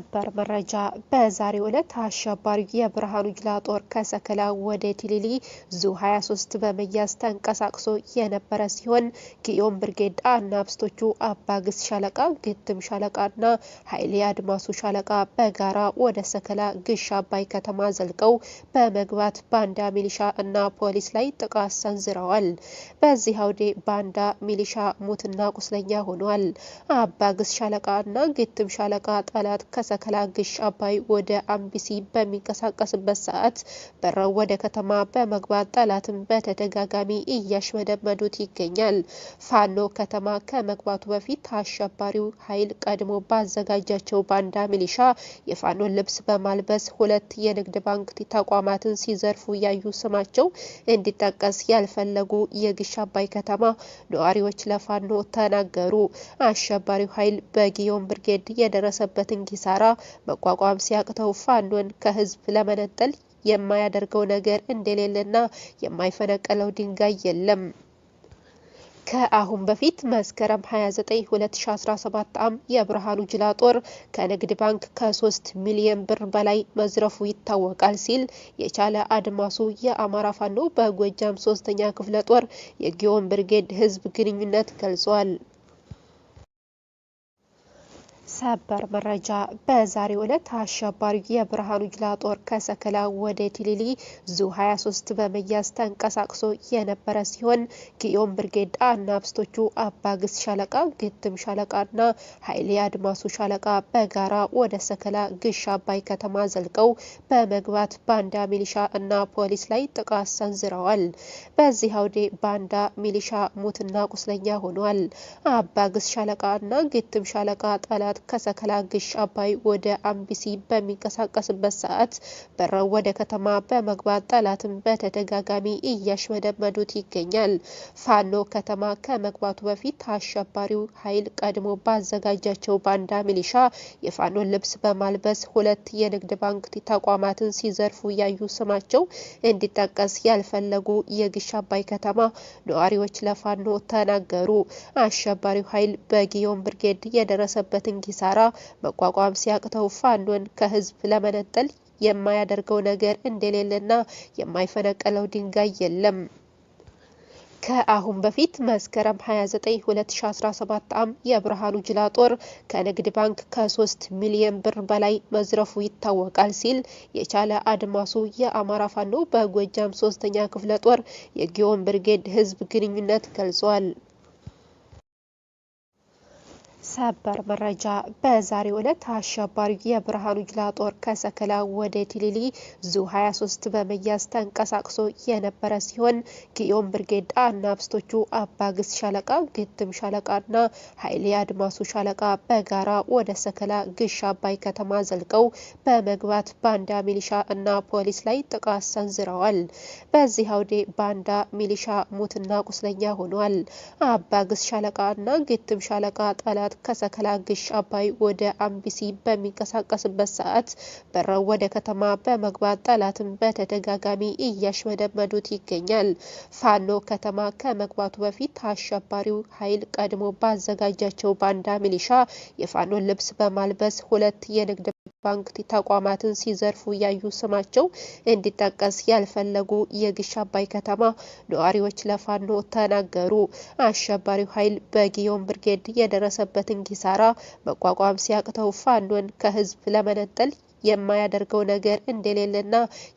ሰበር መረጃ በዛሬው ዕለት አሸባሪው የብርሃኑ ጁላ ጦር ከሰከላ ወደ ቲሊሊ ዙ 23 በመያዝ ተንቀሳቅሶ የነበረ ሲሆን ጊዮን ብርጌድ አናብስቶቹ አባግስ ሻለቃ፣ ግትም ሻለቃ እና ኃይሌ አድማሱ ሻለቃ በጋራ ወደ ሰከላ ግሽ አባይ ከተማ ዘልቀው በመግባት ባንዳ ሚሊሻ እና ፖሊስ ላይ ጥቃት ሰንዝረዋል። በዚህ አውዴ ባንዳ ሚሊሻ ሙትና ቁስለኛ ሆኗል። አባግስ ሻለቃ እና ግትም ሻለቃ ጠላት ሰከላ ግሽ አባይ ወደ አምቢሲ በሚንቀሳቀስበት ሰዓት በረው ወደ ከተማ በመግባት ጠላትን በተደጋጋሚ እያሽመደመዱት ይገኛል። ፋኖ ከተማ ከመግባቱ በፊት አሸባሪው ኃይል ቀድሞ ባዘጋጃቸው ባንዳ ሚሊሻ የፋኖን ልብስ በማልበስ ሁለት የንግድ ባንክ ተቋማትን ሲዘርፉ ያዩ ስማቸው እንዲጠቀስ ያልፈለጉ የግሽ አባይ ከተማ ነዋሪዎች ለፋኖ ተናገሩ። አሸባሪው ኃይል በጊዮን ብርጌድ የደረሰበትን ጊሳ ኪሳራ መቋቋም ሲያቅተው ፋኖን ከህዝብ ለመነጠል የማያደርገው ነገር እንደሌለና የማይፈነቀለው ድንጋይ የለም። ከአሁን በፊት መስከረም 29 2017 ዓ.ም የብርሃኑ ጅላ ጦር ከንግድ ባንክ ከ3 ሚሊዮን ብር በላይ መዝረፉ ይታወቃል ሲል የቻለ አድማሱ የአማራ ፋኖ በጎጃም ሶስተኛ ክፍለ ጦር የጊዮን ብርጌድ ህዝብ ግንኙነት ገልጿል። ሰበር መረጃ በዛሬው ዕለት አሸባሪው የብርሃኑ ጁላ ጦር ከሰከላ ወደ ቲሊሊ ዙ 23 በመያዝ ተንቀሳቅሶ የነበረ ሲሆን ጊዮን ብርጌድ አናብስቶቹ አባግስ ሻለቃ፣ ግትም ሻለቃ ና ኃይሌ አድማሱ ሻለቃ በጋራ ወደ ሰከላ ግሽ አባይ ከተማ ዘልቀው በመግባት ባንዳ ሚሊሻ እና ፖሊስ ላይ ጥቃት ሰንዝረዋል። በዚህ አውዴ ባንዳ ሚሊሻ ሙትና ቁስለኛ ሆኗል። አባግስ ሻለቃ እና ግትም ሻለቃ ጠላት ከሰከላ ግሽ አባይ ወደ አምቢሲ በሚንቀሳቀስበት ሰዓት በረው ወደ ከተማ በመግባት ጠላትን በተደጋጋሚ እያሽመደመዱት ይገኛል። ፋኖ ከተማ ከመግባቱ በፊት አሸባሪው ኃይል ቀድሞ ባዘጋጃቸው ባንዳ ሚሊሻ የፋኖን ልብስ በማልበስ ሁለት የንግድ ባንክ ተቋማትን ሲዘርፉ ያዩ ስማቸው እንዲጠቀስ ያልፈለጉ የግሽ አባይ ከተማ ነዋሪዎች ለፋኖ ተናገሩ። አሸባሪው ኃይል በጊዮን ብርጌድ የደረሰበትን ጊዜ ኪሳራ መቋቋም ሲያቅተው ፋኖን ከህዝብ ለመነጠል የማያደርገው ነገር እንደሌለና የማይፈነቀለው ድንጋይ የለም። ከአሁን በፊት መስከረም 29 2017 ዓ.ም የብርሃኑ ጅላ ጦር ከንግድ ባንክ ከ3 ሚሊዮን ብር በላይ መዝረፉ ይታወቃል ሲል የቻለ አድማሱ የአማራ ፋኖ በጎጃም ሶስተኛ ክፍለ ጦር የጊዮን ብርጌድ ህዝብ ግንኙነት ገልጿል። ሰበር መረጃ በዛሬው ዕለት አሸባሪው የብርሃኑ ጁላ ጦር ከሰከላ ወደ ቲሊሊ ዙ 23 በመያዝ ተንቀሳቅሶ የነበረ ሲሆን ጊዮን ብርጌድ አናብስቶቹ አባግስ ሻለቃ፣ ግትም ሻለቃና ኃይሌ አድማሱ ሻለቃ በጋራ ወደ ሰከላ ግሽ አባይ ከተማ ዘልቀው በመግባት ባንዳ ሚሊሻ እና ፖሊስ ላይ ጥቃት ሰንዝረዋል። በዚህ አውዴ ባንዳ ሚሊሻ ሙትና ቁስለኛ ሆኗል። አባግስ ሻለቃ እና ግትም ሻለቃ ጠላት ከሰከላ ግሽ አባይ ወደ አምቢሲ በሚንቀሳቀስበት ሰዓት በረው ወደ ከተማ በመግባት ጠላትን በተደጋጋሚ እያሽመደመዱት ይገኛል። ፋኖ ከተማ ከመግባቱ በፊት አሸባሪው ኃይል ቀድሞ ባዘጋጃቸው ባንዳ ሚሊሻ የፋኖን ልብስ በማልበስ ሁለት የንግድ ባንክ ተቋማትን ሲዘርፉ እያዩ ስማቸው እንዲጠቀስ ያልፈለጉ የግሽ አባይ ከተማ ነዋሪዎች ለፋኖ ተናገሩ። አሸባሪው ኃይል በጊዮን ብርጌድ የደረሰበትን ኪሳራ መቋቋም ሲያቅተው ፋኖን ከህዝብ ለመነጠል የማያደርገው ነገር እንደሌለና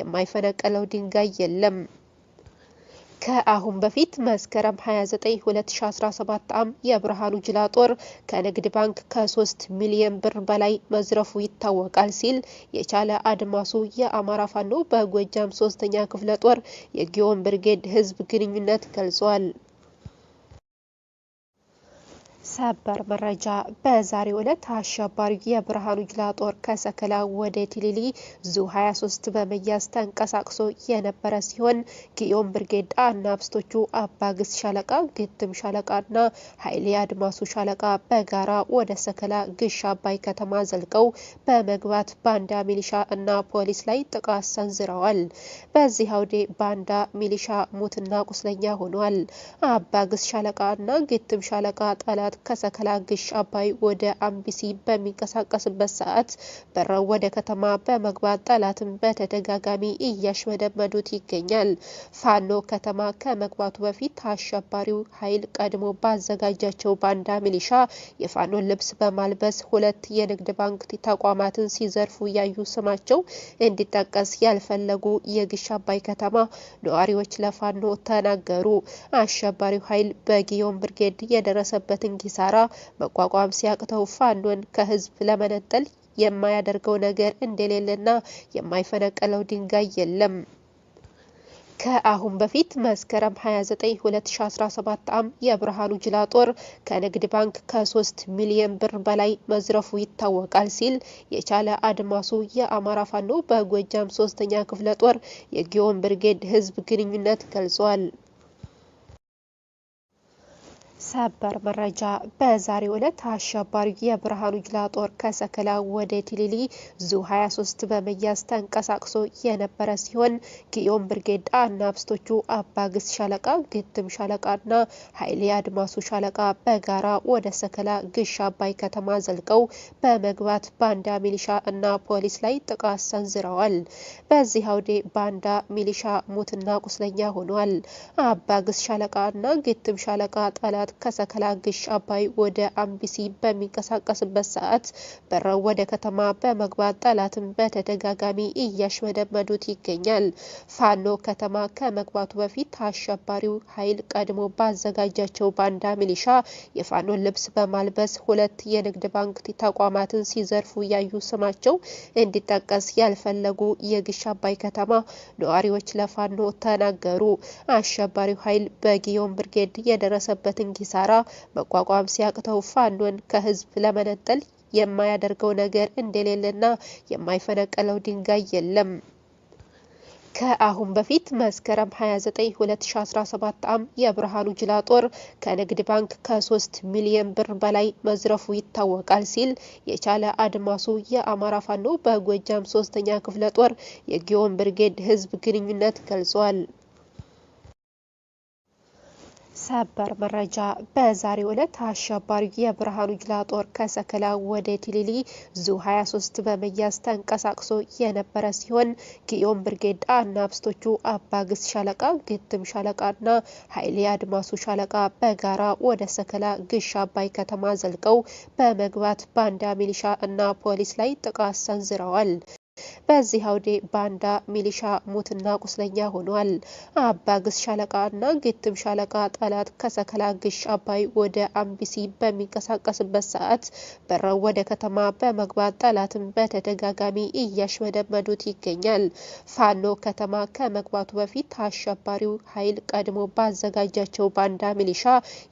የማይፈነቀለው ድንጋይ የለም። ከአሁን በፊት መስከረም 29 2017 ዓ.ም የብርሃኑ ጅላ ጦር ከንግድ ባንክ ከ3 ሚሊዮን ብር በላይ መዝረፉ ይታወቃል ሲል የቻለ አድማሱ የአማራ ፋኖ በጎጃም ሶስተኛ ክፍለ ጦር የጊዮን ብርጌድ ህዝብ ግንኙነት ገልጿል። ሰበር መረጃ በዛሬው ዕለት አሸባሪ የብርሃኑ ጁላ ጦር ከሰከላ ወደ ቲሊሊ ዙ 23 በመያዝ ተንቀሳቅሶ የነበረ ሲሆን ጊዮን ብርጌድ አናብስቶቹ አባግስ ሻለቃ፣ ግትም ና ኃይሌ አድማሱ ሻለቃ በጋራ ወደ ሰከላ ግሽ አባይ ከተማ ዘልቀው በመግባት ባንዳ ሚሊሻ እና ፖሊስ ላይ ጥቃት ሰንዝረዋል። በዚህ አውዴ ባንዳ ሚሊሻ ሙትና ቁስለኛ ሆኗል። አባግስ ሻለቃ እና ግትም ሻለቃ ጠላት ከሰከላ ግሽ አባይ ወደ አምቢሲ በሚንቀሳቀስበት ሰዓት በረው ወደ ከተማ በመግባት ጠላትን በተደጋጋሚ እያሽመደመዱት ይገኛል። ፋኖ ከተማ ከመግባቱ በፊት አሸባሪው ኃይል ቀድሞ ባዘጋጃቸው ባንዳ ሚሊሻ የፋኖን ልብስ በማልበስ ሁለት የንግድ ባንክ ተቋማትን ሲዘርፉ ያዩ ስማቸው እንዲጠቀስ ያልፈለጉ የግሽ አባይ ከተማ ነዋሪዎች ለፋኖ ተናገሩ። አሸባሪው ኃይል በጊዮን ብርጌድ የደረሰበትን ጊዜ ሲሰራ መቋቋም ሲያቅተው ፋኖን ከህዝብ ለመነጠል የማያደርገው ነገር እንደሌለና የማይፈነቀለው ድንጋይ የለም። ከአሁን በፊት መስከረም 29 2017 ዓ.ም የብርሃኑ ጅላ ጦር ከንግድ ባንክ ከ3 ሚሊዮን ብር በላይ መዝረፉ ይታወቃል ሲል የቻለ አድማሱ የአማራ ፋኖ በጎጃም ሶስተኛ ክፍለ ጦር የጊዮን ብርጌድ ህዝብ ግንኙነት ገልጿል። ሰበር መረጃ በዛሬው ዕለት አሸባሪው የብርሃኑ ጁላ ጦር ከሰከላ ወደ ቲሊሊ ዙ 23 በመያዝ ተንቀሳቅሶ የነበረ ሲሆን ጊዮን ብርጌድ አናብስቶቹ አባግስ ሻለቃ፣ ግትም ና ኃይሌ አድማሱ ሻለቃ በጋራ ወደ ሰከላ ግሽ አባይ ከተማ ዘልቀው በመግባት ባንዳ ሚሊሻ እና ፖሊስ ላይ ጥቃት ሰንዝረዋል። በዚህ አውዴ ባንዳ ሚሊሻ ሙትና ቁስለኛ ሆኗል። አባግስ ሻለቃ እና ግትም ሻለቃ ጠላት ከሰከላ ግሽ አባይ ወደ አምቢሲ በሚንቀሳቀስበት ሰዓት በረው ወደ ከተማ በመግባት ጠላትን በተደጋጋሚ እያሽመደመዱት ይገኛል። ፋኖ ከተማ ከመግባቱ በፊት አሸባሪው ኃይል ቀድሞ ባዘጋጃቸው ባንዳ ሚሊሻ የፋኖን ልብስ በማልበስ ሁለት የንግድ ባንክ ተቋማትን ሲዘርፉ ያዩ ስማቸው እንዲጠቀስ ያልፈለጉ የግሽ አባይ ከተማ ነዋሪዎች ለፋኖ ተናገሩ። አሸባሪው ኃይል በጊዮን ብርጌድ የደረሰበትን ጊዜ ኪሳራ መቋቋም ሲያቅተው ፋኖን ከህዝብ ለመነጠል የማያደርገው ነገር እንደሌለና የማይፈነቀለው ድንጋይ የለም። ከአሁን በፊት መስከረም 29 2017 ዓ.ም የብርሃኑ ጅላ ጦር ከንግድ ባንክ ከ3 ሚሊዮን ብር በላይ መዝረፉ ይታወቃል ሲል የቻለ አድማሱ የአማራ ፋኖ በጎጃም ሶስተኛ ክፍለ ጦር የጊዮን ብርጌድ ህዝብ ግንኙነት ገልጿል። ሰበር መረጃ በዛሬው ዕለት አሸባሪው የብርሃኑ ጁላ ጦር ከሰከላ ወደ ቲሊሊ ዙ 23 በመያዝ ተንቀሳቅሶ የነበረ ሲሆን ጊዮን ብርጌድ አናብስቶቹ አባግስ ሻለቃ፣ ግትም ና ኃይሌ አድማሱ ሻለቃ በጋራ ወደ ሰከላ ግሽ አባይ ከተማ ዘልቀው በመግባት ባንዳ ሚሊሻ እና ፖሊስ ላይ ጥቃት ሰንዝረዋል። በዚህ አውዴ ባንዳ ሚሊሻ ሞትና ቁስለኛ ሆኗል። አባ ግስ ሻለቃና ግትም ሻለቃ ጠላት ከሰከላ ግሽ አባይ ወደ አምቢሲ በሚንቀሳቀስበት ሰዓት በረው ወደ ከተማ በመግባት ጠላትን በተደጋጋሚ እያሽመደመዱት ይገኛል። ፋኖ ከተማ ከመግባቱ በፊት አሸባሪው ኃይል ቀድሞ ባዘጋጃቸው ባንዳ ሚሊሻ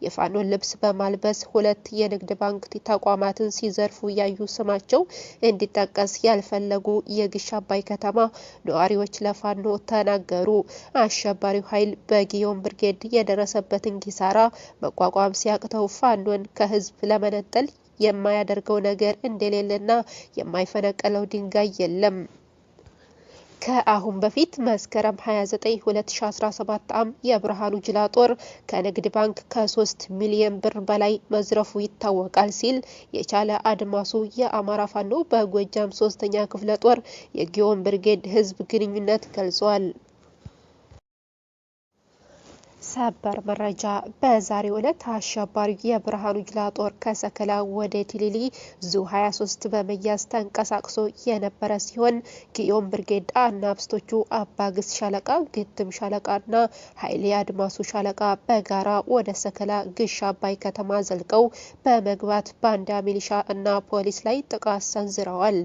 የፋኖ ልብስ በማልበስ ሁለት የንግድ ባንክ ተቋማትን ሲዘርፉ ያዩ ስማቸው እንዲጠቀስ ያልፈለጉ የግሽ በአዲስ አባይ ከተማ ነዋሪዎች ለፋኖ ተናገሩ። አሸባሪው ኃይል በጊዮን ብርጌድ የደረሰበትን ኪሳራ መቋቋም ሲያቅተው ፋኖን ከህዝብ ለመነጠል የማያደርገው ነገር እንደሌለና የማይፈነቀለው ድንጋይ የለም። ከአሁን በፊት መስከረም 29 2017 ዓ.ም የብርሃኑ ጅላ ጦር ከንግድ ባንክ ከ3 ሚሊዮን ብር በላይ መዝረፉ ይታወቃል ሲል የቻለ አድማሱ የአማራ ፋኖ በጎጃም ሶስተኛ ክፍለ ጦር የጊዮን ብርጌድ ህዝብ ግንኙነት ገልጿል። ሰበር መረጃ በዛሬው ዕለት አሸባሪው የብርሃኑ ጁላ ጦር ከሰከላ ወደ ቲሊሊ ዙ 23 በመያዝ ተንቀሳቅሶ የነበረ ሲሆን ጊዮን ብርጌድ አናብስቶቹ አባግስ ሻለቃ፣ ግትም ሻለቃ ና ኃይሌ አድማሱ ሻለቃ በጋራ ወደ ሰከላ ግሽ አባይ ከተማ ዘልቀው በመግባት ባንዳ ሚሊሻ እና ፖሊስ ላይ ጥቃት ሰንዝረዋል።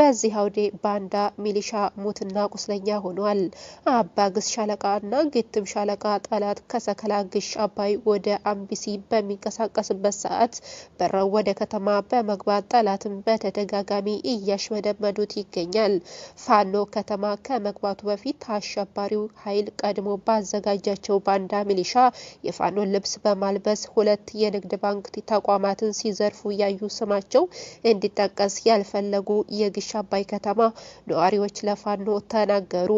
በዚህ አውዴ ባንዳ ሚሊሻ ሙትና ቁስለኛ ሆኗል። አባግስ ሻለቃ እና ግትም ሻለቃ ጠላት ከሰከላ ግሽ አባይ ወደ አምቢሲ በሚንቀሳቀስበት ሰዓት በረው ወደ ከተማ በመግባት ጠላትን በተደጋጋሚ እያሽመደመዱት ይገኛል። ፋኖ ከተማ ከመግባቱ በፊት አሸባሪው ኃይል ቀድሞ ባዘጋጃቸው ባንዳ ሚሊሻ የፋኖን ልብስ በማልበስ ሁለት የንግድ ባንክ ተቋማትን ሲዘርፉ ያዩ ስማቸው እንዲጠቀስ ያልፈለጉ የግሽ አባይ ከተማ ነዋሪዎች ለፋኖ ተናገሩ።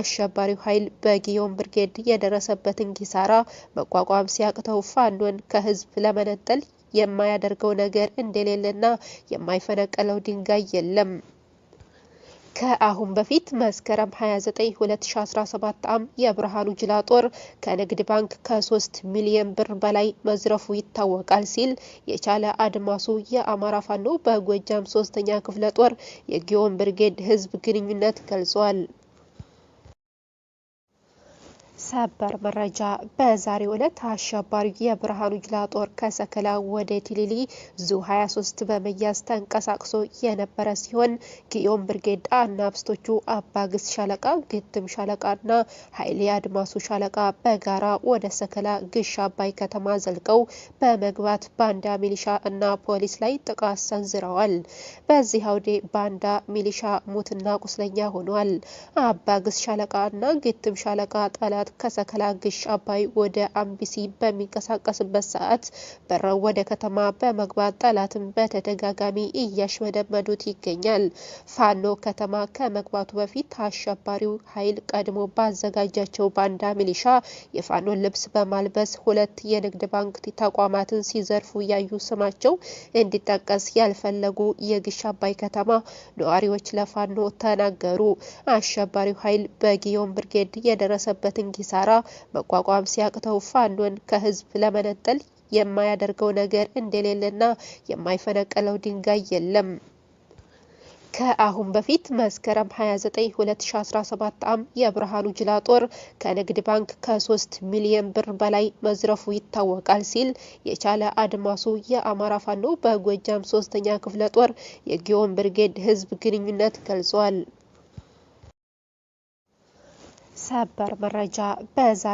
አሸባሪው ኃይል በጊዮን ብርጌድ የደረሰበትን ጊዜ ኪሳራ መቋቋም ሲያቅተው ፋኖን ከህዝብ ለመነጠል የማያደርገው ነገር እንደሌለና የማይፈነቀለው ድንጋይ የለም። ከአሁን በፊት መስከረም 29 2017 ዓ.ም የብርሃኑ ጅላ ጦር ከንግድ ባንክ ከ3 ሚሊዮን ብር በላይ መዝረፉ ይታወቃል ሲል የቻለ አድማሱ የአማራ ፋኖ በጎጃም ሶስተኛ ክፍለ ጦር የጊዮን ብርጌድ ህዝብ ግንኙነት ገልጿል። ሰበር መረጃ በዛሬው ዕለት አሸባሪው የብርሃኑ ጁላ ጦር ከሰከላ ወደ ቲሊሊ ዙ 23 በመያዝ ተንቀሳቅሶ የነበረ ሲሆን ጊዮን ብርጌድ አናብስቶቹ አባግስ ሻለቃ፣ ግትም ና ኃይሌ አድማሱ ሻለቃ በጋራ ወደ ሰከላ ግሽ አባይ ከተማ ዘልቀው በመግባት ባንዳ ሚሊሻ እና ፖሊስ ላይ ጥቃት ሰንዝረዋል። በዚህ አውዴ ባንዳ ሚሊሻ ሙትና ቁስለኛ ሆኗል። አባግስ ሻለቃ እና ግትም ሻለቃ ጠላት ከሰከላ ግሽ አባይ ወደ አምቢሲ በሚንቀሳቀስበት ሰዓት በረው ወደ ከተማ በመግባት ጠላትን በተደጋጋሚ እያሽመደመዱት ይገኛል። ፋኖ ከተማ ከመግባቱ በፊት አሸባሪው ኃይል ቀድሞ ባዘጋጃቸው ባንዳ ሚሊሻ የፋኖን ልብስ በማልበስ ሁለት የንግድ ባንክ ተቋማትን ሲዘርፉ ያዩ ስማቸው እንዲጠቀስ ያልፈለጉ የግሽ አባይ ከተማ ነዋሪዎች ለፋኖ ተናገሩ። አሸባሪው ኃይል በጊዮን ብርጌድ የደረሰበትን ጊዜ ኪሳራ መቋቋም ሲያቅተው ፋኖን ከህዝብ ለመነጠል የማያደርገው ነገር እንደሌለና የማይፈነቀለው ድንጋይ የለም። ከአሁን በፊት መስከረም 29 2017 ዓ.ም የብርሃኑ ጅላ ጦር ከንግድ ባንክ ከ3 ሚሊዮን ብር በላይ መዝረፉ ይታወቃል ሲል የቻለ አድማሱ የአማራ ፋኖ በጎጃም ሶስተኛ ክፍለ ጦር የጊዮን ብርጌድ ህዝብ ግንኙነት ገልጿል። ሰበር መረጃ በዛሬ